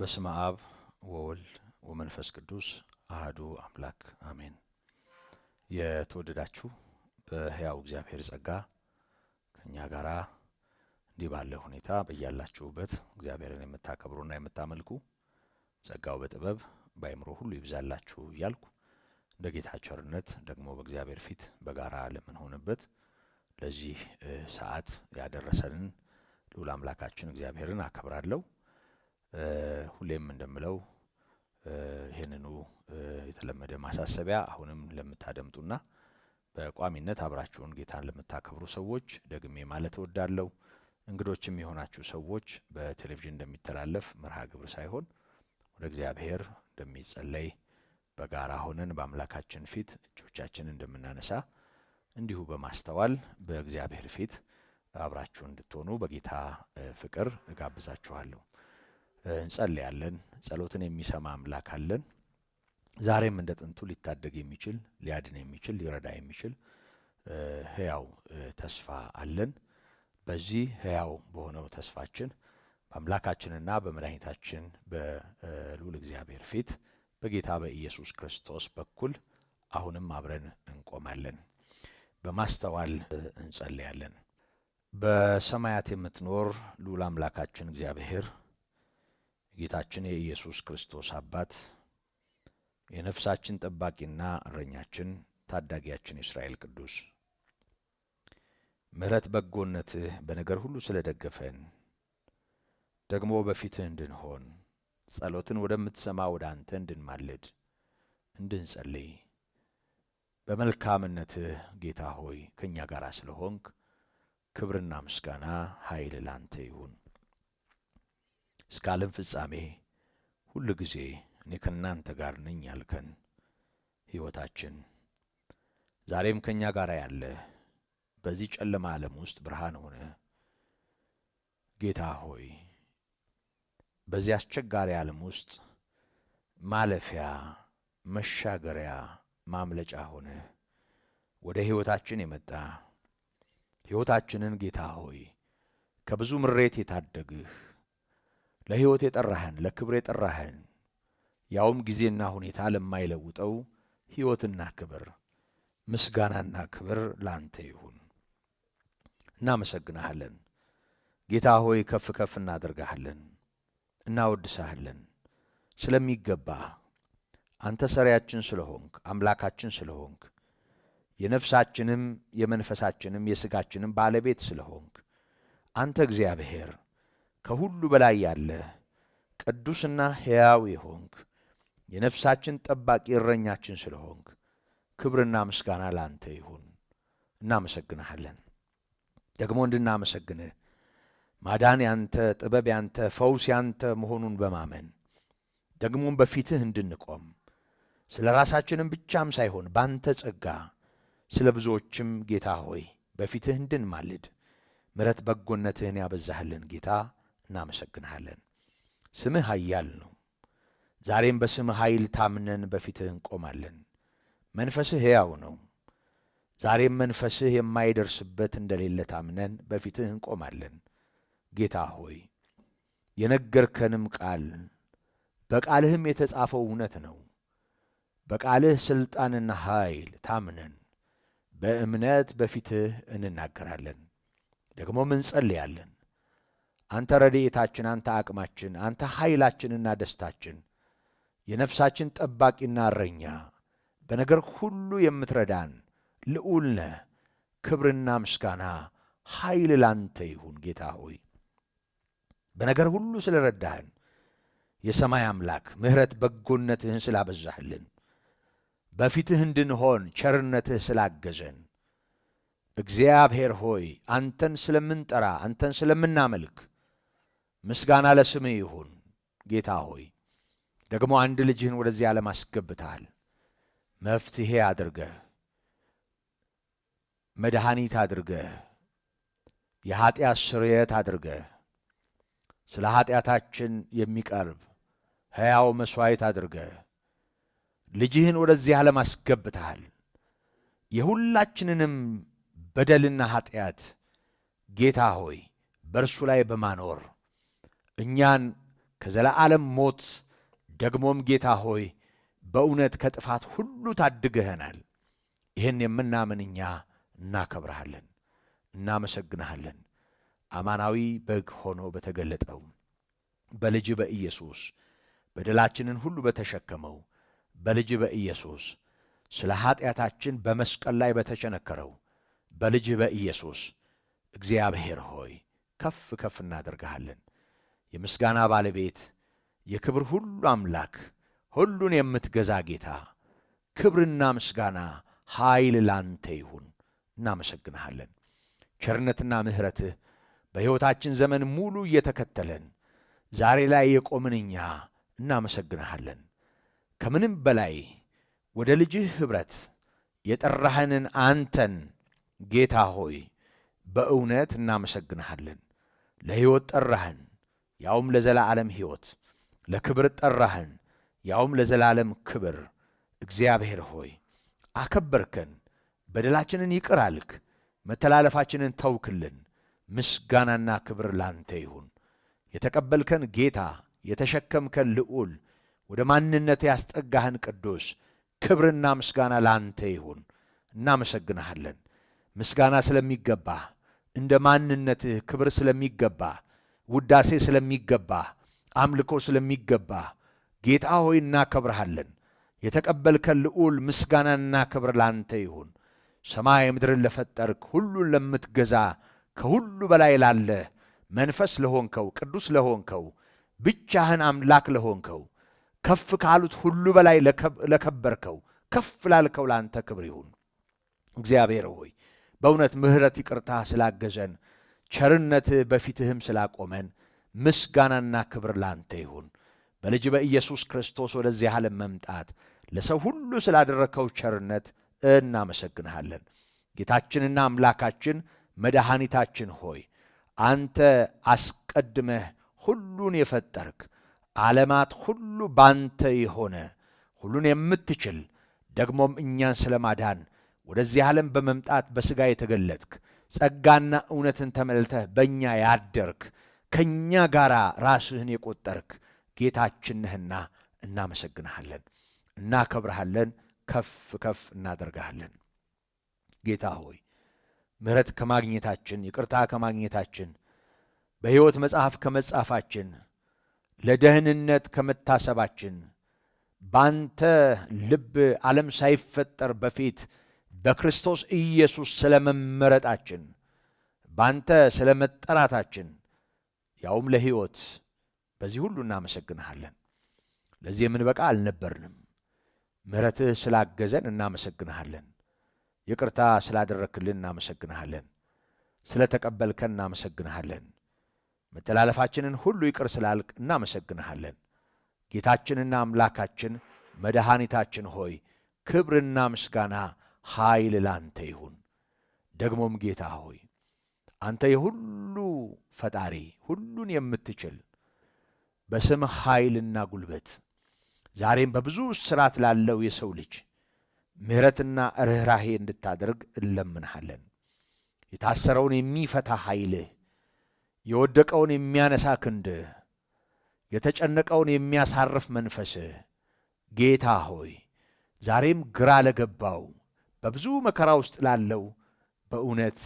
በስመ አብ ወወልድ ወመንፈስ ቅዱስ አህዱ አምላክ አሜን። የተወደዳችሁ በሕያው እግዚአብሔር ጸጋ ከእኛ ጋራ እንዲህ ባለ ሁኔታ በያላችሁበት እግዚአብሔርን የምታከብሩና የምታመልኩ ጸጋው በጥበብ በአይምሮ ሁሉ ይብዛላችሁ እያልኩ እንደ ጌታ ቸርነት ደግሞ በእግዚአብሔር ፊት በጋራ ለምንሆንበት ለዚህ ሰዓት ያደረሰንን ልዑል አምላካችን እግዚአብሔርን አከብራለሁ። ሁሌም እንደምለው ይህንኑ የተለመደ ማሳሰቢያ አሁንም ለምታደምጡና በቋሚነት አብራችሁን ጌታን ለምታከብሩ ሰዎች ደግሜ ማለት እወዳለሁ። እንግዶችም የሆናችሁ ሰዎች በቴሌቪዥን እንደሚተላለፍ መርሃ ግብር ሳይሆን ወደ እግዚአብሔር እንደሚጸለይ በጋራ ሆነን በአምላካችን ፊት እጆቻችን እንደምናነሳ እንዲሁ በማስተዋል በእግዚአብሔር ፊት አብራችሁ እንድትሆኑ በጌታ ፍቅር እጋብዛችኋለሁ። እንጸልያለን። ጸሎትን የሚሰማ አምላክ አለን። ዛሬም እንደ ጥንቱ ሊታደግ የሚችል ሊያድን የሚችል ሊረዳ የሚችል ሕያው ተስፋ አለን። በዚህ ሕያው በሆነው ተስፋችን በአምላካችንና በመድኃኒታችን በልዑል እግዚአብሔር ፊት በጌታ በኢየሱስ ክርስቶስ በኩል አሁንም አብረን እንቆማለን፣ በማስተዋል እንጸልያለን። በሰማያት የምትኖር ልዑል አምላካችን እግዚአብሔር የጌታችን የኢየሱስ ክርስቶስ አባት የነፍሳችን ጠባቂና እረኛችን ታዳጊያችን የእስራኤል ቅዱስ ምሕረት በጎነትህ በነገር ሁሉ ስለ ደገፈን ደግሞ በፊትህ እንድንሆን ጸሎትን ወደምትሰማ ወደ አንተ እንድንማልድ እንድንጸልይ በመልካምነትህ ጌታ ሆይ ከእኛ ጋር ስለሆንክ ክብርና ምስጋና ኃይል ላንተ ይሁን። እስከ ዓለም ፍጻሜ ሁል ጊዜ እኔ ከእናንተ ጋር ነኝ ያልከን ሕይወታችን ዛሬም ከእኛ ጋር ያለ በዚህ ጨለማ ዓለም ውስጥ ብርሃን ሆነ ጌታ ሆይ በዚህ አስቸጋሪ ዓለም ውስጥ ማለፊያ፣ መሻገሪያ፣ ማምለጫ ሆነ ወደ ሕይወታችን የመጣ ሕይወታችንን ጌታ ሆይ ከብዙ ምሬት የታደግህ ለሕይወት የጠራህን ለክብር የጠራህን ያውም ጊዜና ሁኔታ ለማይለውጠው ሕይወትና ክብር ምስጋናና ክብር ላንተ ይሁን። እናመሰግናሃለን ጌታ ሆይ፣ ከፍ ከፍ እናደርግሃለን፣ እናወድሳሃለን ስለሚገባ አንተ ሰሪያችን ስለሆንክ አምላካችን ስለሆንክ የነፍሳችንም የመንፈሳችንም የሥጋችንም ባለቤት ስለሆንክ አንተ እግዚአብሔር ከሁሉ በላይ ያለ ቅዱስና ሕያው የሆንክ የነፍሳችን ጠባቂ እረኛችን ስለሆንክ ክብርና ምስጋና ለአንተ ይሁን። እናመሰግንሃለን። ደግሞ እንድናመሰግንህ ማዳን ያንተ፣ ጥበብ ያንተ፣ ፈውስ ያንተ መሆኑን በማመን ደግሞም በፊትህ እንድንቆም ስለ ራሳችንም ብቻም ሳይሆን ባንተ ጸጋ ስለ ብዙዎችም ጌታ ሆይ በፊትህ እንድንማልድ ምረት በጎነትህን ያበዛህልን ጌታ እናመሰግንሃለን። ስምህ ኃያል ነው። ዛሬም በስምህ ኃይል ታምነን በፊትህ እንቆማለን። መንፈስህ ሕያው ነው። ዛሬም መንፈስህ የማይደርስበት እንደሌለ ታምነን በፊትህ እንቆማለን። ጌታ ሆይ የነገርከንም ቃል በቃልህም የተጻፈው እውነት ነው። በቃልህ ሥልጣንና ኃይል ታምነን በእምነት በፊትህ እንናገራለን፣ ደግሞም እንጸልያለን። አንተ ረድኤታችን፣ አንተ አቅማችን፣ አንተ ኃይላችንና ደስታችን፣ የነፍሳችን ጠባቂና እረኛ፣ በነገር ሁሉ የምትረዳን ልዑል ነህ። ክብርና ምስጋና ኃይል ላንተ ይሁን ጌታ ሆይ በነገር ሁሉ ስለ ረዳህን፣ የሰማይ አምላክ ምሕረት በጎነትህን ስላበዛህልን፣ በፊትህ እንድንሆን ቸርነትህ ስላገዘን እግዚአብሔር ሆይ አንተን ስለምንጠራ አንተን ስለምናመልክ ምስጋና ለስምህ ይሁን። ጌታ ሆይ ደግሞ አንድ ልጅህን ወደዚህ ዓለም አስገብተሃል። መፍትሄ አድርገህ መድኃኒት አድርገህ የኀጢአት ስርየት አድርገህ ስለ ኀጢአታችን የሚቀርብ ሕያው መሥዋዕት አድርገህ ልጅህን ወደዚህ ዓለም አስገብተሃል። የሁላችንንም በደልና ኀጢአት ጌታ ሆይ በእርሱ ላይ በማኖር እኛን ከዘላዓለም ሞት ደግሞም ጌታ ሆይ በእውነት ከጥፋት ሁሉ ታድገህናል። ይህን የምናምን እኛ እናከብረሃለን፣ እናመሰግንሃለን። አማናዊ በግ ሆኖ በተገለጠው በልጅ በኢየሱስ በደላችንን ሁሉ በተሸከመው በልጅ በኢየሱስ ስለ ኀጢአታችን በመስቀል ላይ በተቸነከረው በልጅ በኢየሱስ እግዚአብሔር ሆይ ከፍ ከፍ እናደርግሃለን። የምስጋና ባለቤት የክብር ሁሉ አምላክ ሁሉን የምትገዛ ጌታ ክብርና ምስጋና ኃይል ላንተ ይሁን። እናመሰግንሃለን። ቸርነትና ምሕረትህ በሕይወታችን ዘመን ሙሉ እየተከተለን ዛሬ ላይ የቆምን እኛ እናመሰግንሃለን። ከምንም በላይ ወደ ልጅህ ኅብረት የጠራህንን አንተን ጌታ ሆይ በእውነት እናመሰግንሃለን። ለሕይወት ጠራህን። ያውም ለዘላለም ሕይወት ለክብር ጠራህን፣ ያውም ለዘላለም ክብር። እግዚአብሔር ሆይ አከበርከን፣ በደላችንን ይቅር አልክ፣ መተላለፋችንን ተውክልን። ምስጋናና ክብር ላንተ ይሁን። የተቀበልከን ጌታ፣ የተሸከምከን ልዑል፣ ወደ ማንነት ያስጠጋህን ቅዱስ፣ ክብርና ምስጋና ላንተ ይሁን። እናመሰግንሃለን ምስጋና ስለሚገባህ እንደ ማንነትህ ክብር ስለሚገባህ ውዳሴ ስለሚገባ፣ አምልኮ ስለሚገባ ጌታ ሆይ እናከብርሃለን። የተቀበልከን ልዑል ምስጋናና ክብር ላንተ ይሁን። ሰማይ ምድርን ለፈጠርክ፣ ሁሉን ለምትገዛ፣ ከሁሉ በላይ ላለ መንፈስ ለሆንከው፣ ቅዱስ ለሆንከው፣ ብቻህን አምላክ ለሆንከው፣ ከፍ ካሉት ሁሉ በላይ ለከበርከው፣ ከፍ ላልከው ላንተ ክብር ይሁን። እግዚአብሔር ሆይ በእውነት ምሕረት ይቅርታ ስላገዘን ቸርነት በፊትህም ስላቆመን ምስጋናና ክብር ላንተ ይሁን። በልጅ በኢየሱስ ክርስቶስ ወደዚህ ዓለም መምጣት ለሰው ሁሉ ስላደረከው ቸርነት እናመሰግንሃለን። ጌታችንና አምላካችን መድኃኒታችን ሆይ አንተ አስቀድመህ ሁሉን የፈጠርክ ዓለማት ሁሉ ባንተ የሆነ ሁሉን የምትችል ደግሞም እኛን ስለማዳን ወደዚህ ዓለም በመምጣት በሥጋ የተገለጥክ ጸጋና እውነትን ተመልተህ በእኛ ያደርግ ከእኛ ጋር ራስህን የቆጠርክ ጌታችን ነህና እናመሰግንሃለን፣ እናከብርሃለን፣ ከፍ ከፍ እናደርግሃለን። ጌታ ሆይ ምሕረት ከማግኘታችን ይቅርታ ከማግኘታችን በሕይወት መጽሐፍ ከመጻፋችን ለደህንነት ከመታሰባችን በአንተ ልብ ዓለም ሳይፈጠር በፊት በክርስቶስ ኢየሱስ ስለመመረጣችን ባንተ ስለመጠራታችን ያውም ለሕይወት በዚህ ሁሉ እናመሰግንሃለን። ለዚህ የምንበቃ አልነበርንም። ምሕረትህ ስላገዘን እናመሰግንሃለን። ይቅርታ ስላደረክልን እናመሰግንሃለን። ስለ ተቀበልከን እናመሰግንሃለን። መተላለፋችንን ሁሉ ይቅር ስላልክ እናመሰግንሃለን። ጌታችንና አምላካችን መድኃኒታችን ሆይ ክብርና ምስጋና ኃይል ላንተ ይሁን። ደግሞም ጌታ ሆይ አንተ የሁሉ ፈጣሪ፣ ሁሉን የምትችል በስም ኃይልና ጉልበት ዛሬም በብዙ ስራት ላለው የሰው ልጅ ምሕረትና ርኅራሄ እንድታደርግ እለምንሃለን። የታሰረውን የሚፈታ ኃይልህ፣ የወደቀውን የሚያነሳ ክንድህ፣ የተጨነቀውን የሚያሳርፍ መንፈስህ ጌታ ሆይ ዛሬም ግራ ለገባው በብዙ መከራ ውስጥ ላለው በእውነት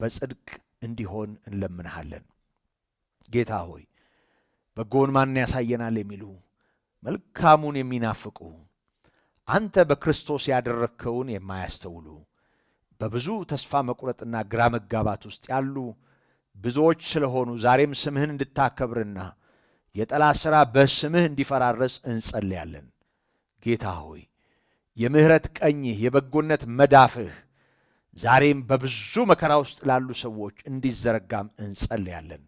በጽድቅ እንዲሆን እንለምንሃለን። ጌታ ሆይ በጎን ማን ያሳየናል የሚሉ መልካሙን የሚናፍቁ አንተ በክርስቶስ ያደረግከውን የማያስተውሉ በብዙ ተስፋ መቁረጥና ግራ መጋባት ውስጥ ያሉ ብዙዎች ስለሆኑ ዛሬም ስምህን እንድታከብርና የጠላት ሥራ በስምህ እንዲፈራረስ እንጸልያለን። ጌታ ሆይ የምህረት ቀኝህ የበጎነት መዳፍህ ዛሬም በብዙ መከራ ውስጥ ላሉ ሰዎች እንዲዘረጋም እንጸልያለን።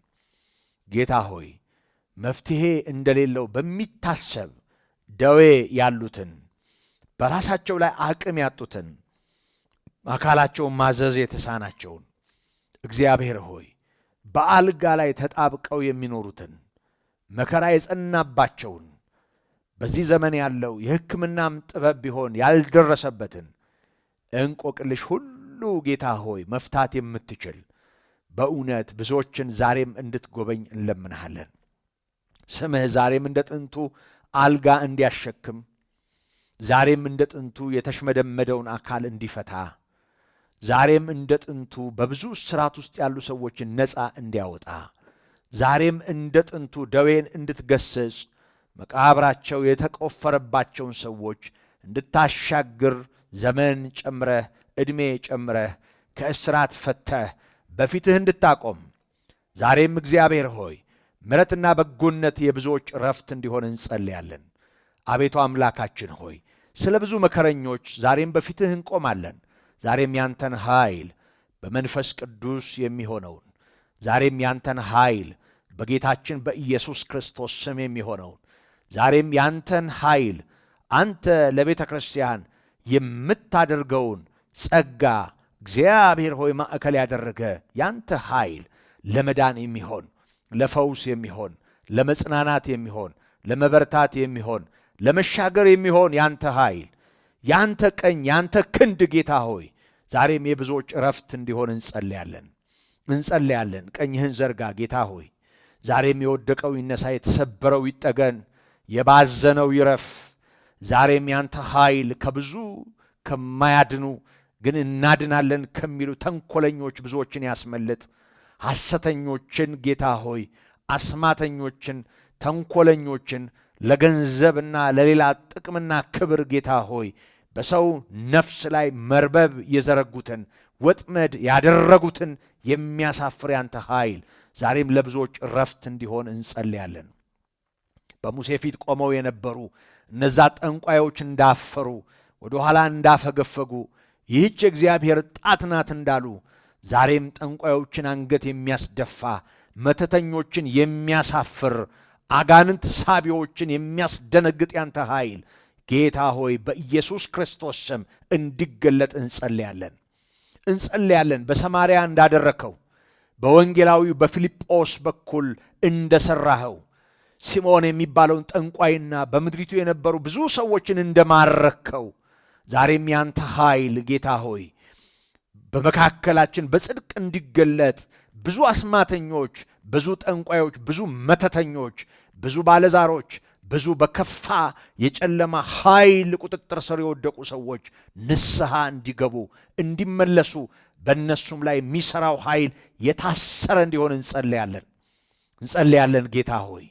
ጌታ ሆይ መፍትሔ እንደሌለው በሚታሰብ ደዌ ያሉትን በራሳቸው ላይ አቅም ያጡትን አካላቸውን ማዘዝ የተሳናቸውን እግዚአብሔር ሆይ በአልጋ ላይ ተጣብቀው የሚኖሩትን መከራ የጸናባቸውን በዚህ ዘመን ያለው የሕክምናም ጥበብ ቢሆን ያልደረሰበትን እንቆቅልሽ ሁሉ ጌታ ሆይ መፍታት የምትችል በእውነት ብዙዎችን ዛሬም እንድትጎበኝ እንለምንሃለን። ስምህ ዛሬም እንደ ጥንቱ አልጋ እንዲያሸክም፣ ዛሬም እንደ ጥንቱ የተሽመደመደውን አካል እንዲፈታ፣ ዛሬም እንደ ጥንቱ በብዙ ስራት ውስጥ ያሉ ሰዎችን ነፃ እንዲያወጣ፣ ዛሬም እንደ ጥንቱ ደዌን እንድትገስጽ መቃብራቸው የተቆፈረባቸውን ሰዎች እንድታሻግር ዘመን ጨምረህ ዕድሜ ጨምረህ ከእስራት ፈተህ በፊትህ እንድታቆም ዛሬም እግዚአብሔር ሆይ ምረትና በጎነት የብዙዎች ረፍት እንዲሆን እንጸልያለን። አቤቱ አምላካችን ሆይ ስለ ብዙ መከረኞች ዛሬም በፊትህ እንቆማለን። ዛሬም ያንተን ኃይል በመንፈስ ቅዱስ የሚሆነውን ዛሬም ያንተን ኃይል በጌታችን በኢየሱስ ክርስቶስ ስም የሚሆነውን ዛሬም ያንተን ኃይል አንተ ለቤተ ክርስቲያን የምታደርገውን ጸጋ እግዚአብሔር ሆይ ማዕከል ያደረገ ያንተ ኃይል ለመዳን የሚሆን ለፈውስ የሚሆን ለመጽናናት የሚሆን ለመበርታት የሚሆን ለመሻገር የሚሆን ያንተ ኃይል ያንተ ቀኝ ያንተ ክንድ ጌታ ሆይ ዛሬም የብዙዎች እረፍት እንዲሆን እንጸልያለን እንጸልያለን። ቀኝህን ዘርጋ ጌታ ሆይ ዛሬም የወደቀው ይነሳ፣ የተሰበረው ይጠገን የባዘነው ይረፍ። ዛሬም ያንተ ኃይል ከብዙ ከማያድኑ ግን እናድናለን ከሚሉ ተንኮለኞች ብዙዎችን ያስመልጥ። ሐሰተኞችን ጌታ ሆይ አስማተኞችን፣ ተንኮለኞችን ለገንዘብና ለሌላ ጥቅምና ክብር ጌታ ሆይ በሰው ነፍስ ላይ መርበብ የዘረጉትን ወጥመድ ያደረጉትን የሚያሳፍር ያንተ ኃይል ዛሬም ለብዙዎች እረፍት እንዲሆን እንጸልያለን። በሙሴ ፊት ቆመው የነበሩ እነዛ ጠንቋዮች እንዳፈሩ ወደ ኋላ እንዳፈገፈጉ ይህች እግዚአብሔር ጣት ናት እንዳሉ ዛሬም ጠንቋዮችን አንገት የሚያስደፋ መተተኞችን የሚያሳፍር አጋንንት ሳቢዎችን የሚያስደነግጥ ያንተ ኃይል ጌታ ሆይ በኢየሱስ ክርስቶስ ስም እንዲገለጥ እንጸልያለን እንጸልያለን። በሰማርያ እንዳደረከው በወንጌላዊው በፊልጶስ በኩል እንደሠራኸው ሲሞን የሚባለውን ጠንቋይና በምድሪቱ የነበሩ ብዙ ሰዎችን እንደማረከው ዛሬም ያንተ ኃይል ጌታ ሆይ በመካከላችን በጽድቅ እንዲገለጥ ብዙ አስማተኞች፣ ብዙ ጠንቋዮች፣ ብዙ መተተኞች፣ ብዙ ባለዛሮች፣ ብዙ በከፋ የጨለማ ኃይል ቁጥጥር ስር የወደቁ ሰዎች ንስሐ እንዲገቡ እንዲመለሱ በእነሱም ላይ የሚሠራው ኃይል የታሰረ እንዲሆን እንጸለያለን እንጸለያለን ጌታ ሆይ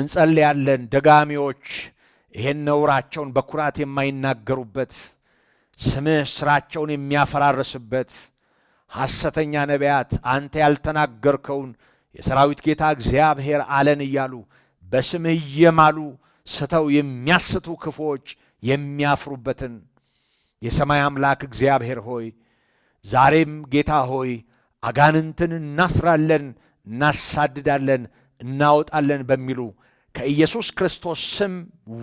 እንጸልያለን። ደጋሚዎች ይህን ነውራቸውን በኩራት የማይናገሩበት ስምህ ስራቸውን የሚያፈራርስበት ሐሰተኛ ነቢያት አንተ ያልተናገርከውን የሰራዊት ጌታ እግዚአብሔር አለን እያሉ በስምህ እየማሉ ስተው የሚያስቱ ክፉዎች የሚያፍሩበትን የሰማይ አምላክ እግዚአብሔር ሆይ ዛሬም ጌታ ሆይ አጋንንትን እናስራለን፣ እናሳድዳለን፣ እናወጣለን በሚሉ ከኢየሱስ ክርስቶስ ስም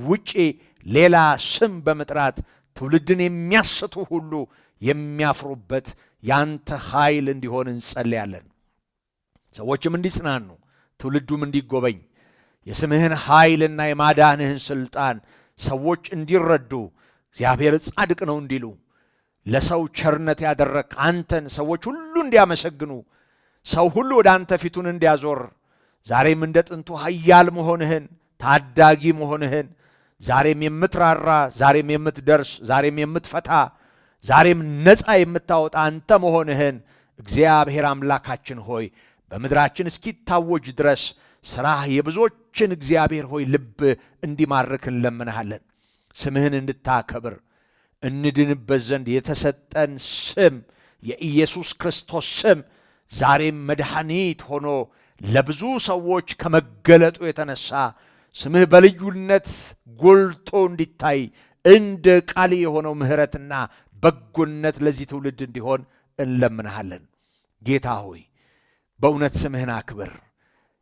ውጪ ሌላ ስም በመጥራት ትውልድን የሚያስቱ ሁሉ የሚያፍሩበት ያንተ ኃይል እንዲሆን እንጸልያለን። ሰዎችም እንዲጽናኑ ትውልዱም እንዲጎበኝ የስምህን ኃይልና የማዳንህን ሥልጣን ሰዎች እንዲረዱ እግዚአብሔር ጻድቅ ነው እንዲሉ ለሰው ቸርነት ያደረግ አንተን ሰዎች ሁሉ እንዲያመሰግኑ ሰው ሁሉ ወደ አንተ ፊቱን እንዲያዞር ዛሬም እንደ ጥንቱ ኃያል መሆንህን ታዳጊ መሆንህን ዛሬም የምትራራ ዛሬም የምትደርስ ዛሬም የምትፈታ ዛሬም ነፃ የምታወጣ አንተ መሆንህን እግዚአብሔር አምላካችን ሆይ በምድራችን እስኪታወጅ ድረስ ሥራህ የብዙዎችን እግዚአብሔር ሆይ ልብ እንዲማርክ እንለምንሃለን። ስምህን እንድታከብር እንድንበት ዘንድ የተሰጠን ስም የኢየሱስ ክርስቶስ ስም ዛሬም መድኃኒት ሆኖ ለብዙ ሰዎች ከመገለጡ የተነሳ ስምህ በልዩነት ጎልቶ እንዲታይ እንደ ቃል የሆነው ምሕረትና በጎነት ለዚህ ትውልድ እንዲሆን እንለምንሃለን። ጌታ ሆይ በእውነት ስምህን አክብር።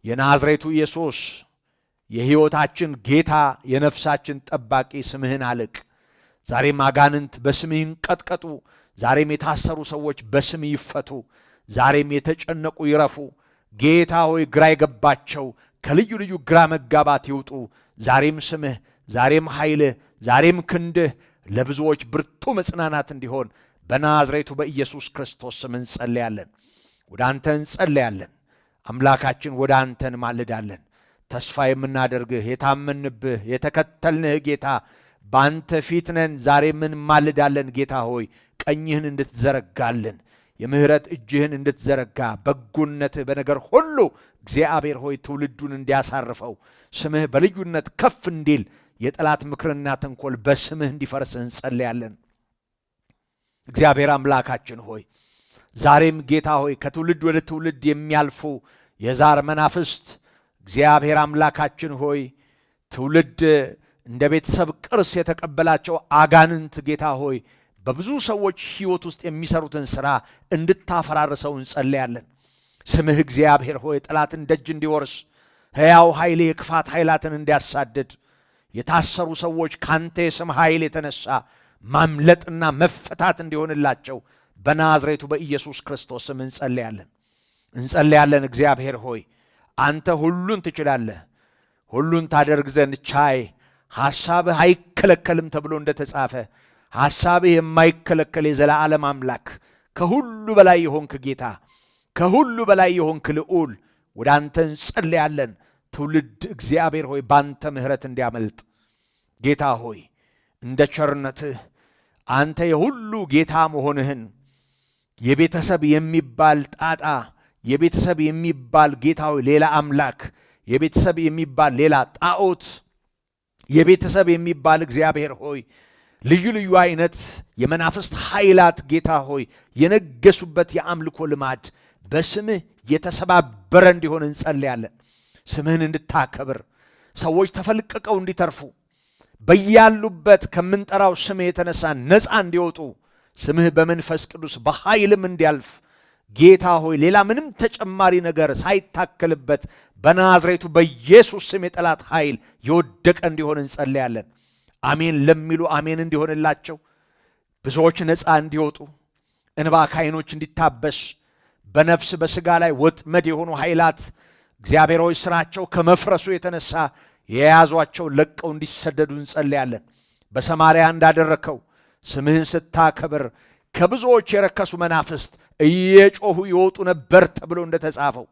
የናዝሬቱ ኢየሱስ የሕይወታችን ጌታ፣ የነፍሳችን ጠባቂ ስምህን አልቅ። ዛሬም አጋንንት በስምህ ይንቀጥቀጡ። ዛሬም የታሰሩ ሰዎች በስም ይፈቱ። ዛሬም የተጨነቁ ይረፉ። ጌታ ሆይ ግራ የገባቸው ከልዩ ልዩ ግራ መጋባት ይውጡ። ዛሬም ስምህ፣ ዛሬም ኃይልህ፣ ዛሬም ክንድህ ለብዙዎች ብርቱ መጽናናት እንዲሆን በናዝሬቱ በኢየሱስ ክርስቶስ ስም እንጸለያለን። ወደ አንተ እንጸለያለን። አምላካችን ወደ አንተ እንማልዳለን። ተስፋ የምናደርግህ የታመንብህ የተከተልንህ ጌታ በአንተ ፊት ነን። ምን እንማልዳለን። ጌታ ሆይ ቀኝህን እንድትዘረጋልን የምሕረት እጅህን እንድትዘረጋ በጎነትህ በነገር ሁሉ እግዚአብሔር ሆይ ትውልዱን እንዲያሳርፈው ስምህ በልዩነት ከፍ እንዲል የጠላት ምክርና ተንኮል በስምህ እንዲፈርስ እንጸልያለን። እግዚአብሔር አምላካችን ሆይ ዛሬም ጌታ ሆይ ከትውልድ ወደ ትውልድ የሚያልፉ የዛር መናፍስት እግዚአብሔር አምላካችን ሆይ ትውልድ እንደ ቤተሰብ ቅርስ የተቀበላቸው አጋንንት ጌታ ሆይ በብዙ ሰዎች ሕይወት ውስጥ የሚሰሩትን ሥራ እንድታፈራርሰው እንጸለያለን። ስምህ እግዚአብሔር ሆይ ጠላትን ደጅ እንዲወርስ ሕያው ኃይል የክፋት ኃይላትን እንዲያሳድድ የታሰሩ ሰዎች ካንተ የስም ኃይል የተነሳ ማምለጥና መፈታት እንዲሆንላቸው በናዝሬቱ በኢየሱስ ክርስቶስ ስም እንጸለያለን እንጸለያለን። እግዚአብሔር ሆይ አንተ ሁሉን ትችላለህ፣ ሁሉን ታደርግ ዘንድ ቻይ፣ ሐሳብህ አይከለከልም ተብሎ ተጻፈ ሐሳብህ የማይከለከል የዘላዓለም አምላክ ከሁሉ በላይ የሆንክ ጌታ ከሁሉ በላይ የሆንክ ልዑል ወደ አንተ እንጸልያለን። ትውልድ እግዚአብሔር ሆይ በአንተ ምሕረት እንዲያመልጥ ጌታ ሆይ እንደ ቸርነትህ አንተ የሁሉ ጌታ መሆንህን የቤተሰብ የሚባል ጣጣ የቤተሰብ የሚባል ጌታ ሆይ ሌላ አምላክ የቤተሰብ የሚባል ሌላ ጣዖት የቤተሰብ የሚባል እግዚአብሔር ሆይ ልዩ ልዩ አይነት የመናፍስት ኃይላት ጌታ ሆይ የነገሱበት የአምልኮ ልማድ በስምህ የተሰባበረ እንዲሆን እንጸልያለን። ስምህን እንድታከብር ሰዎች ተፈልቅቀው እንዲተርፉ በያሉበት ከምንጠራው ስምህ የተነሳ ነፃ እንዲወጡ ስምህ በመንፈስ ቅዱስ በኃይልም እንዲያልፍ ጌታ ሆይ ሌላ ምንም ተጨማሪ ነገር ሳይታከልበት በናዝሬቱ በኢየሱስ ስም የጠላት ኃይል የወደቀ እንዲሆን እንጸልያለን። አሜን ለሚሉ አሜን እንዲሆንላቸው፣ ብዙዎች ነፃ እንዲወጡ፣ እንባ ከዓይኖች እንዲታበስ፣ በነፍስ በሥጋ ላይ ወጥመድ የሆኑ ኃይላት እግዚአብሔራዊ ሥራቸው ከመፍረሱ የተነሳ የያዟቸው ለቀው እንዲሰደዱ እንጸልያለን። በሰማርያ እንዳደረከው ስምህን ስታከብር ከብዙዎች የረከሱ መናፍስት እየጮኹ ይወጡ ነበር ተብሎ እንደተጻፈው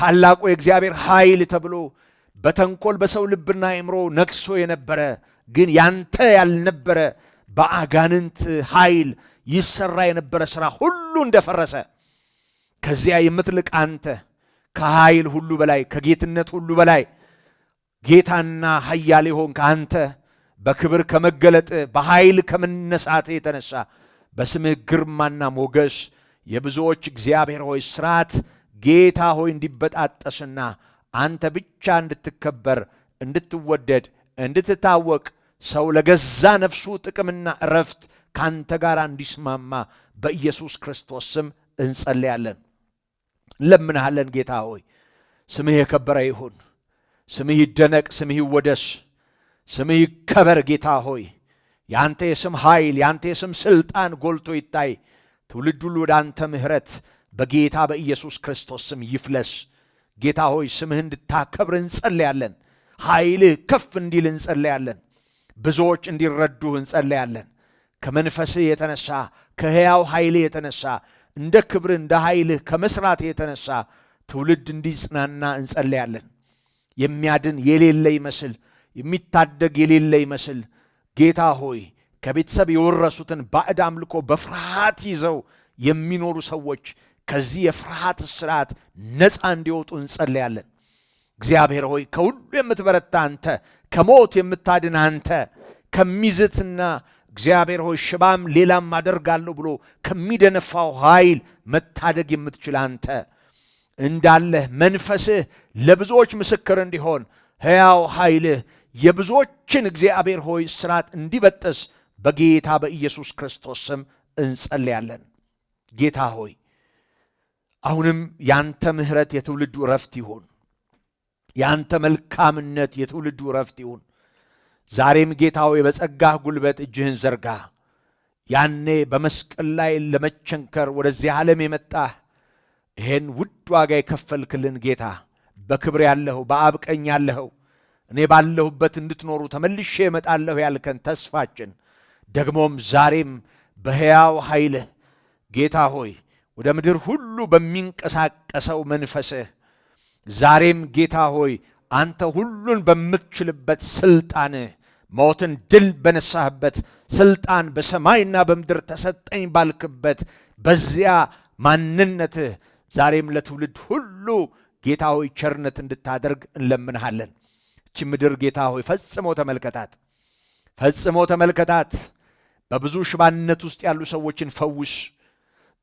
ታላቁ የእግዚአብሔር ኃይል ተብሎ በተንኮል በሰው ልብና አእምሮ ነግሶ የነበረ ግን ያንተ ያልነበረ በአጋንንት ኃይል ይሰራ የነበረ ሥራ ሁሉ እንደፈረሰ ከዚያ የምትልቅ አንተ ከኃይል ሁሉ በላይ ከጌትነት ሁሉ በላይ ጌታና ኃያል የሆንክ አንተ በክብር ከመገለጥ በኃይል ከመነሳት የተነሳ በስምህ ግርማና ሞገስ የብዙዎች እግዚአብሔር ሆይ ስርዓት ጌታ ሆይ እንዲበጣጠስና አንተ ብቻ እንድትከበር እንድትወደድ እንድትታወቅ ሰው ለገዛ ነፍሱ ጥቅምና እረፍት ካንተ ጋር እንዲስማማ በኢየሱስ ክርስቶስ ስም እንጸልያለን። እንለምንሃለን። ጌታ ሆይ ስምህ የከበረ ይሁን፣ ስምህ ይደነቅ፣ ስምህ ይወደስ፣ ስምህ ይከበር። ጌታ ሆይ የአንተ የስም ኃይል፣ የአንተ የስም ሥልጣን ጎልቶ ይታይ። ትውልድ ሁሉ ወደ አንተ ምሕረት በጌታ በኢየሱስ ክርስቶስ ስም ይፍለስ። ጌታ ሆይ ስምህ እንድታከብር እንጸልያለን። ኃይልህ ከፍ እንዲል እንጸልያለን። ብዙዎች እንዲረዱ እንጸለያለን። ከመንፈስህ የተነሳ ከሕያው ኃይልህ የተነሳ እንደ ክብር እንደ ኃይልህ ከመስራት የተነሳ ትውልድ እንዲጽናና እንጸለያለን። የሚያድን የሌለ ይመስል የሚታደግ የሌለ ይመስል ጌታ ሆይ ከቤተሰብ የወረሱትን ባዕድ አምልኮ በፍርሃት ይዘው የሚኖሩ ሰዎች ከዚህ የፍርሃት ስርዓት ነፃ እንዲወጡ እንጸለያለን። እግዚአብሔር ሆይ ከሁሉ የምትበረታ አንተ ከሞት የምታድን አንተ ከሚዝትና እግዚአብሔር ሆይ ሽባም ሌላም አደርጋለሁ ብሎ ከሚደነፋው ኃይል መታደግ የምትችል አንተ እንዳለህ መንፈስህ ለብዙዎች ምስክር እንዲሆን ሕያው ኃይልህ የብዙዎችን እግዚአብሔር ሆይ ስራት እንዲበጥስ በጌታ በኢየሱስ ክርስቶስ ስም እንጸልያለን። ጌታ ሆይ አሁንም ያንተ ምሕረት የትውልዱ እረፍት ይሁን። ያንተ መልካምነት የትውልዱ ረፍት ይሁን። ዛሬም ጌታው በጸጋህ ጉልበት እጅህን ዘርጋ። ያኔ በመስቀል ላይ ለመቸንከር ወደዚህ ዓለም የመጣህ ይሄን ውድ ዋጋ የከፈልክልን ጌታ በክብር ያለኸው በአብ ቀኝ ያለኸው እኔ ባለሁበት እንድትኖሩ ተመልሼ እመጣለሁ ያልከን ተስፋችን ደግሞም ዛሬም በሕያው ኃይልህ ጌታ ሆይ ወደ ምድር ሁሉ በሚንቀሳቀሰው መንፈስህ ዛሬም ጌታ ሆይ አንተ ሁሉን በምትችልበት ስልጣንህ ሞትን ድል በነሳህበት ስልጣን በሰማይና በምድር ተሰጠኝ ባልክበት በዚያ ማንነትህ ዛሬም ለትውልድ ሁሉ ጌታ ሆይ ቸርነት እንድታደርግ እንለምንሃለን። እቺ ምድር ጌታ ሆይ ፈጽሞ ተመልከታት፣ ፈጽሞ ተመልከታት። በብዙ ሽባነት ውስጥ ያሉ ሰዎችን ፈውስ።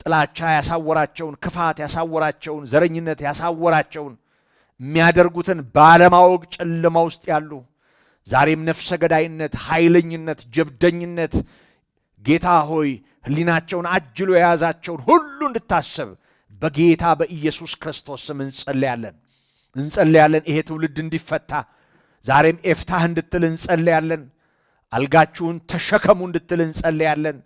ጥላቻ ያሳወራቸውን፣ ክፋት ያሳወራቸውን፣ ዘረኝነት ያሳወራቸውን የሚያደርጉትን ባለማወቅ ጨለማ ውስጥ ያሉ ዛሬም ነፍሰ ገዳይነት፣ ኃይለኝነት፣ ጀብደኝነት ጌታ ሆይ ሕሊናቸውን አጅሎ የያዛቸውን ሁሉ እንድታስብ በጌታ በኢየሱስ ክርስቶስ ስም እንጸለያለን እንጸለያለን። ይሄ ትውልድ እንዲፈታ ዛሬም ኤፍታህ እንድትል እንጸለያለን። አልጋችሁን ተሸከሙ እንድትል እንጸለያለን።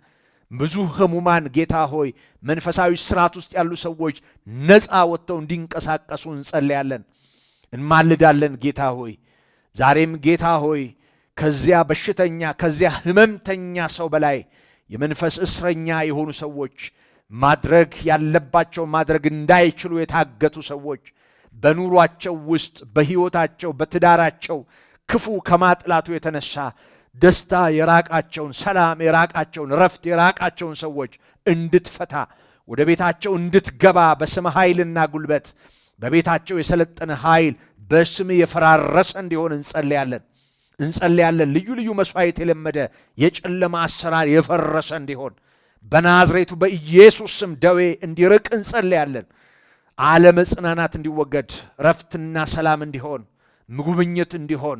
ብዙ ህሙማን ጌታ ሆይ መንፈሳዊ ስርዓት ውስጥ ያሉ ሰዎች ነፃ ወጥተው እንዲንቀሳቀሱ እንጸለያለን። እንማልዳለን። ጌታ ሆይ ዛሬም ጌታ ሆይ ከዚያ በሽተኛ ከዚያ ሕመምተኛ ሰው በላይ የመንፈስ እስረኛ የሆኑ ሰዎች ማድረግ ያለባቸው ማድረግ እንዳይችሉ የታገቱ ሰዎች በኑሯቸው ውስጥ በሕይወታቸው በትዳራቸው ክፉ ከማጥላቱ የተነሳ ደስታ የራቃቸውን ሰላም የራቃቸውን ረፍት የራቃቸውን ሰዎች እንድትፈታ ወደ ቤታቸው እንድትገባ በስመ ኃይልና ጉልበት በቤታቸው የሰለጠነ ኃይል በስም የፈራረሰ እንዲሆን እንጸልያለን እንጸልያለን። ልዩ ልዩ መሥዋዕት የለመደ የጨለማ አሰራር የፈረሰ እንዲሆን በናዝሬቱ በኢየሱስ ስም ደዌ እንዲርቅ እንጸልያለን። አለመጽናናት እንዲወገድ፣ ረፍትና ሰላም እንዲሆን፣ ምጉብኝት እንዲሆን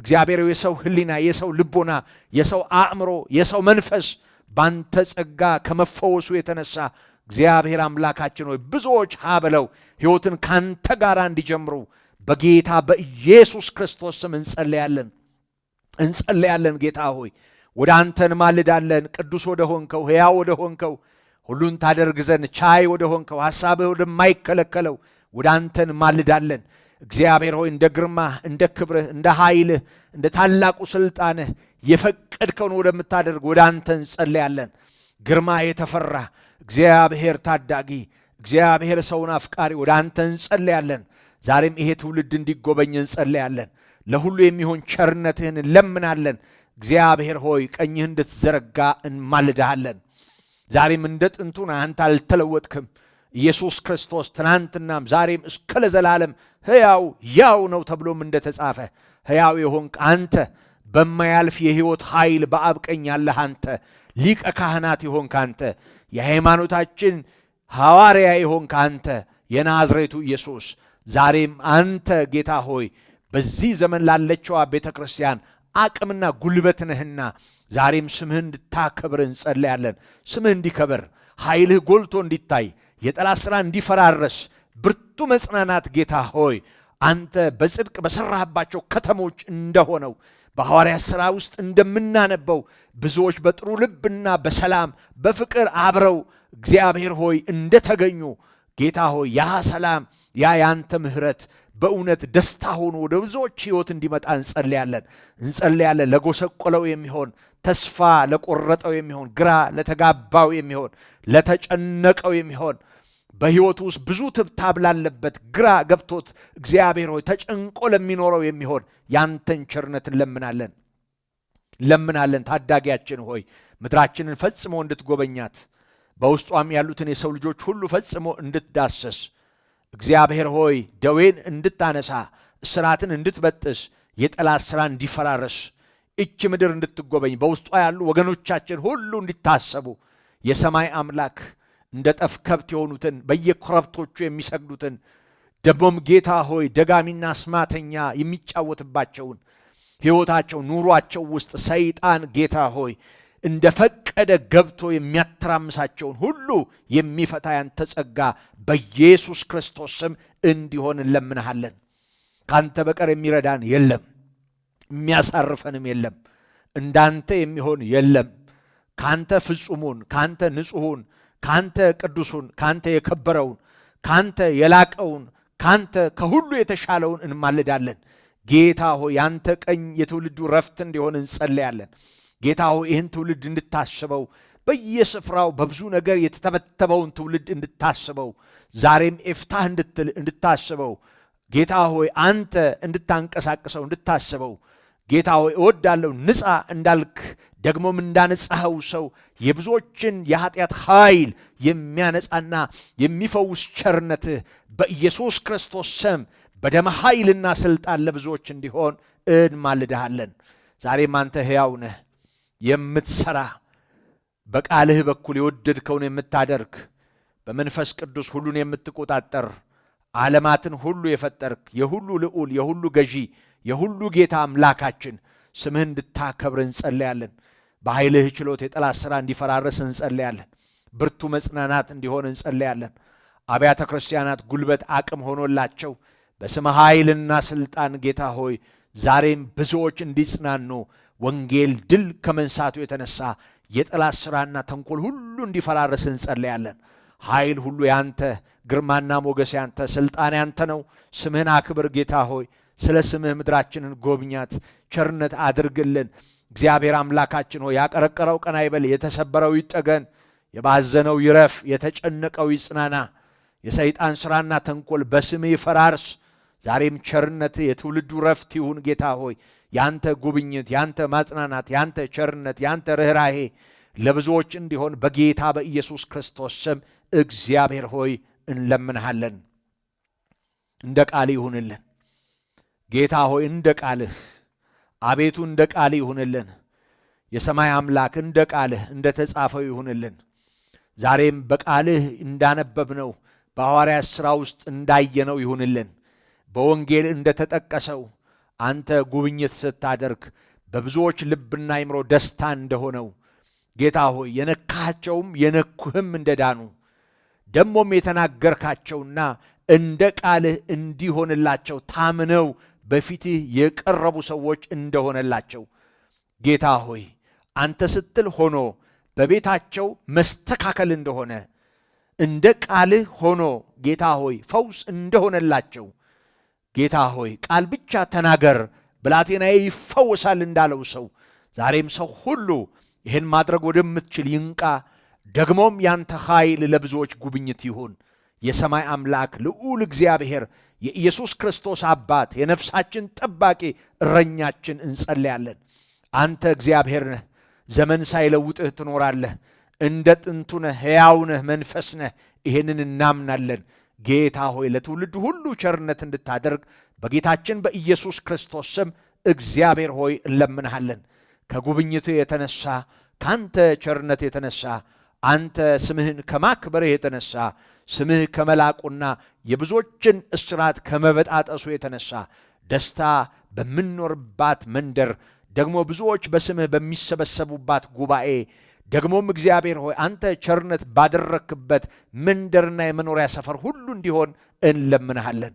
እግዚአብሔር የሰው ሕሊና የሰው ልቦና የሰው አእምሮ የሰው መንፈስ ባንተ ጸጋ ከመፈወሱ የተነሳ እግዚአብሔር አምላካችን ሆይ ብዙዎች ሀ ብለው ሕይወትን ካንተ ጋር እንዲጀምሩ በጌታ በኢየሱስ ክርስቶስ ስም እንጸለያለን እንጸለያለን። ጌታ ሆይ ወደ አንተ እንማልዳለን። ቅዱስ ወደ ሆንከው፣ ሕያው ወደ ሆንከው፣ ሁሉን ታደርግ ዘንድ ቻይ ወደ ሆንከው፣ ሐሳብህ ወደማይከለከለው ወደ አንተ እንማልዳለን። እግዚአብሔር ሆይ እንደ ግርማህ፣ እንደ ክብርህ፣ እንደ ኃይልህ፣ እንደ ታላቁ ሥልጣንህ የፈቀድከውን ወደምታደርግ ወደ አንተ እንጸለያለን። ግርማ የተፈራ እግዚአብሔር ታዳጊ እግዚአብሔር ሰውን አፍቃሪ ወደ አንተ እንጸለያለን። ዛሬም ይሄ ትውልድ እንዲጎበኝ እንጸለያለን። ለሁሉ የሚሆን ቸርነትህን እንለምናለን። እግዚአብሔር ሆይ ቀኝህ እንድትዘረጋ እንማልድሃለን። ዛሬም እንደ ጥንቱን አንተ አልተለወጥክም። ኢየሱስ ክርስቶስ ትናንትናም ዛሬም እስከ ለዘላለም ሕያው ያው ነው ተብሎም ተጻፈ ሕያው የሆንክ አንተ በማያልፍ የሕይወት ኃይል በአብ ቀኝ ያለህ አንተ ሊቀ ካህናት የሆንክ አንተ የሃይማኖታችን ሐዋርያ ይሆን ካንተ የናዝሬቱ ኢየሱስ ዛሬም አንተ ጌታ ሆይ በዚህ ዘመን ላለችዋ ቤተ ክርስቲያን አቅምና ጉልበት ነህና ዛሬም ስምህ እንድታከብር እንጸለያለን። ስምህ እንዲከበር ኃይልህ ጎልቶ እንዲታይ የጠላት ሥራ እንዲፈራረስ ብርቱ መጽናናት ጌታ ሆይ አንተ በጽድቅ በሠራህባቸው ከተሞች እንደሆነው በሐዋርያ ሥራ ውስጥ እንደምናነበው ብዙዎች በጥሩ ልብና በሰላም በፍቅር አብረው እግዚአብሔር ሆይ እንደተገኙ ጌታ ሆይ ያ ሰላም ያ ያንተ ምሕረት በእውነት ደስታ ሆኖ ወደ ብዙዎች ሕይወት እንዲመጣ እንጸልያለን እንጸልያለን። ለጎሰቆለው የሚሆን ተስፋ ለቆረጠው የሚሆን ግራ ለተጋባው የሚሆን ለተጨነቀው የሚሆን በሕይወቱ ውስጥ ብዙ ትብታብ ላለበት ግራ ገብቶት እግዚአብሔር ሆይ ተጨንቆ ለሚኖረው የሚሆን ያንተን ቸርነት እንለምናለን ለምናለን። ታዳጊያችን ሆይ ምድራችንን ፈጽሞ እንድትጎበኛት በውስጧም ያሉትን የሰው ልጆች ሁሉ ፈጽሞ እንድትዳስስ እግዚአብሔር ሆይ ደዌን እንድታነሳ እስራትን እንድትበጥስ የጠላት ሥራ እንዲፈራረስ እች ምድር እንድትጎበኝ በውስጧ ያሉ ወገኖቻችን ሁሉ እንዲታሰቡ የሰማይ አምላክ እንደ ጠፍ ከብት የሆኑትን በየኮረብቶቹ የሚሰግዱትን ደግሞም ጌታ ሆይ ደጋሚና አስማተኛ የሚጫወትባቸውን ሕይወታቸው ኑሯቸው ውስጥ ሰይጣን ጌታ ሆይ እንደፈቀደ ገብቶ የሚያተራምሳቸውን ሁሉ የሚፈታ ያንተ ጸጋ በኢየሱስ ክርስቶስ ስም እንዲሆን እንለምንሃለን። ከአንተ በቀር የሚረዳን የለም፣ የሚያሳርፈንም የለም፣ እንዳንተ የሚሆን የለም። ከአንተ ፍጹሙን፣ ከአንተ ንጹሑን፣ ከአንተ ቅዱሱን፣ ከአንተ የከበረውን፣ ከአንተ የላቀውን፣ ከአንተ ከሁሉ የተሻለውን እንማልዳለን። ጌታ ሆይ ያንተ ቀኝ የትውልዱ ረፍት እንዲሆን እንጸለያለን። ሆይ ይህን ትውልድ እንድታስበው በየስፍራው በብዙ ነገር የተተበተበውን ትውልድ እንድታስበው ዛሬም ኤፍታህ እንድትል እንድታስበው ጌታ ሆይ አንተ እንድታንቀሳቅሰው እንድታስበው ጌታ ሆይ እወዳለሁ ንጻ እንዳልክ ደግሞም እንዳነጻኸው ሰው የብዙዎችን የኃጢአት ኃይል የሚያነጻና የሚፈውስ ቸርነትህ በኢየሱስ ክርስቶስ ስም በደመ ኃይልና ሥልጣን ለብዙዎች እንዲሆን እንማልድሃለን። ዛሬም አንተ ሕያው ነህ። የምትሰራ በቃልህ በኩል የወደድከውን የምታደርግ በመንፈስ ቅዱስ ሁሉን የምትቆጣጠር ዓለማትን ሁሉ የፈጠርክ የሁሉ ልዑል የሁሉ ገዢ የሁሉ ጌታ አምላካችን ስምህ እንድታከብር እንጸለያለን። በኃይልህ ችሎት የጠላት ሥራ እንዲፈራረስ እንጸለያለን። ብርቱ መጽናናት እንዲሆን እንጸለያለን። አብያተ ክርስቲያናት ጉልበት አቅም ሆኖላቸው በስመ ኃይልና ሥልጣን ጌታ ሆይ ዛሬም ብዙዎች እንዲጽናኑ ወንጌል ድል ከመንሳቱ የተነሳ የጠላት ሥራና ተንኮል ሁሉ እንዲፈራረስ እንጸለያለን። ኃይል ሁሉ ያንተ፣ ግርማና ሞገስ ያንተ፣ ሥልጣን ያንተ ነው። ስምህን አክብር ጌታ ሆይ። ስለ ስምህ ምድራችንን ጎብኛት፣ ቸርነት አድርግልን። እግዚአብሔር አምላካችን ሆይ ያቀረቀረው ቀና ይበል፣ የተሰበረው ይጠገን፣ የባዘነው ይረፍ፣ የተጨነቀው ይጽናና። የሰይጣን ሥራና ተንኮል በስምህ ይፈራርስ። ዛሬም ቸርነት የትውልዱ ረፍት ይሁን ጌታ ሆይ። ያንተ ጉብኝት፣ ያንተ ማጽናናት፣ ያንተ ቸርነት፣ ያንተ ርኅራሄ ለብዙዎች እንዲሆን በጌታ በኢየሱስ ክርስቶስ ስም እግዚአብሔር ሆይ እንለምንሃለን። እንደ ቃል ይሁንልን ጌታ ሆይ፣ እንደ ቃልህ አቤቱ፣ እንደ ቃል ይሁንልን የሰማይ አምላክ፣ እንደ ቃልህ እንደ ተጻፈው ይሁንልን። ዛሬም በቃልህ እንዳነበብነው በሐዋርያት ሥራ ውስጥ እንዳየነው ይሁንልን። በወንጌል እንደተጠቀሰው አንተ ጉብኝት ስታደርግ በብዙዎች ልብና አይምሮ ደስታ እንደሆነው ጌታ ሆይ የነካቸውም የነኩህም እንደዳኑ ደግሞም የተናገርካቸውና እንደ ቃልህ እንዲሆንላቸው ታምነው በፊትህ የቀረቡ ሰዎች እንደሆነላቸው ጌታ ሆይ አንተ ስትል ሆኖ በቤታቸው መስተካከል እንደሆነ እንደ ቃልህ ሆኖ ጌታ ሆይ ፈውስ እንደሆነላቸው ጌታ ሆይ ቃል ብቻ ተናገር ብላቴናዬ ይፈወሳል እንዳለው ሰው ዛሬም ሰው ሁሉ ይህን ማድረግ ወደምትችል ይንቃ። ደግሞም ያንተ ኃይል ለብዙዎች ጉብኝት ይሁን። የሰማይ አምላክ ልዑል እግዚአብሔር የኢየሱስ ክርስቶስ አባት የነፍሳችን ጠባቂ እረኛችን እንጸልያለን። አንተ እግዚአብሔር ነህ፣ ዘመን ሳይለውጥህ ትኖራለህ። እንደ ጥንቱ ነህ፣ ሕያው ነህ፣ መንፈስ ነህ። ይህንን እናምናለን። ጌታ ሆይ ለትውልድ ሁሉ ቸርነት እንድታደርግ በጌታችን በኢየሱስ ክርስቶስ ስም እግዚአብሔር ሆይ እንለምንሃለን። ከጉብኝቱ የተነሳ ካንተ ቸርነት የተነሳ አንተ ስምህን ከማክበርህ የተነሳ ስምህ ከመላቁና የብዙዎችን እስራት ከመበጣጠሱ የተነሳ ደስታ በምንኖርባት መንደር ደግሞ ብዙዎች በስምህ በሚሰበሰቡባት ጉባኤ ደግሞም እግዚአብሔር ሆይ አንተ ቸርነት ባደረክበት መንደርና የመኖሪያ ሰፈር ሁሉ እንዲሆን እንለምንሃለን።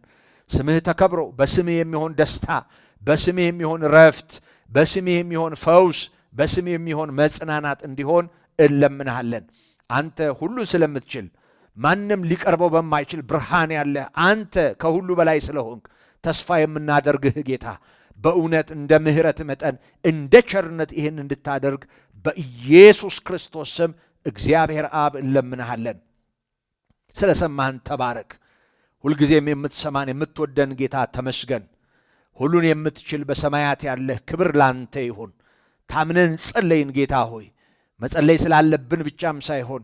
ስምህ ተከብሮ በስምህ የሚሆን ደስታ፣ በስምህ የሚሆን ረፍት፣ በስምህ የሚሆን ፈውስ፣ በስምህ የሚሆን መጽናናት እንዲሆን እንለምንሃለን። አንተ ሁሉ ስለምትችል ማንም ሊቀርበው በማይችል ብርሃን ያለ አንተ ከሁሉ በላይ ስለሆንክ ተስፋ የምናደርግህ ጌታ በእውነት እንደ ምሕረት መጠን እንደ ቸርነት ይህን እንድታደርግ በኢየሱስ ክርስቶስ ስም እግዚአብሔር አብ እንለምንሃለን። ስለ ሰማህን ተባረክ። ሁልጊዜም የምትሰማን የምትወደን ጌታ ተመስገን። ሁሉን የምትችል በሰማያት ያለህ ክብር ላንተ ይሁን። ታምነን ጸለይን። ጌታ ሆይ መጸለይ ስላለብን ብቻም ሳይሆን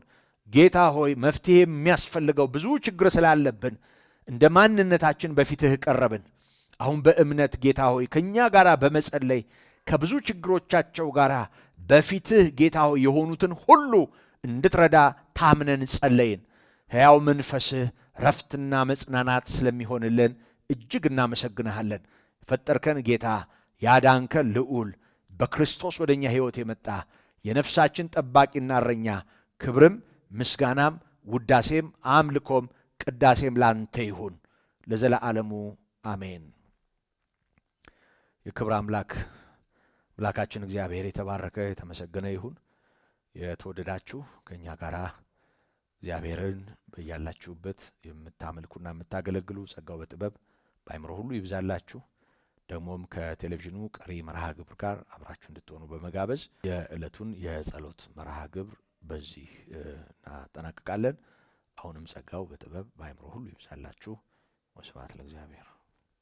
ጌታ ሆይ መፍትሄ የሚያስፈልገው ብዙ ችግር ስላለብን እንደ ማንነታችን በፊትህ ቀረብን። አሁን በእምነት ጌታ ሆይ ከእኛ ጋር በመጸለይ ከብዙ ችግሮቻቸው ጋር በፊትህ ጌታ የሆኑትን ሁሉ እንድትረዳ ታምነን ጸለይን። ሕያው መንፈስህ ረፍትና መጽናናት ስለሚሆንልን እጅግ እናመሰግንሃለን። የፈጠርከን ጌታ፣ ያዳንከን ልዑል፣ በክርስቶስ ወደ እኛ ሕይወት የመጣ የነፍሳችን ጠባቂና እረኛ፣ ክብርም ምስጋናም ውዳሴም አምልኮም ቅዳሴም ላንተ ይሁን ለዘለዓለሙ አሜን። የክብር አምላክ አምላካችን እግዚአብሔር የተባረከ የተመሰገነ ይሁን። የተወደዳችሁ ከእኛ ጋር እግዚአብሔርን በያላችሁበት የምታመልኩና የምታገለግሉ ጸጋው በጥበብ በአይምሮ ሁሉ ይብዛላችሁ። ደግሞም ከቴሌቪዥኑ ቀሪ መርሃ ግብር ጋር አብራችሁ እንድትሆኑ በመጋበዝ የዕለቱን የጸሎት መርሃ ግብር በዚህ እናጠናቅቃለን። አሁንም ጸጋው በጥበብ በአይምሮ ሁሉ ይብዛላችሁ። ወስብሐት ለእግዚአብሔር።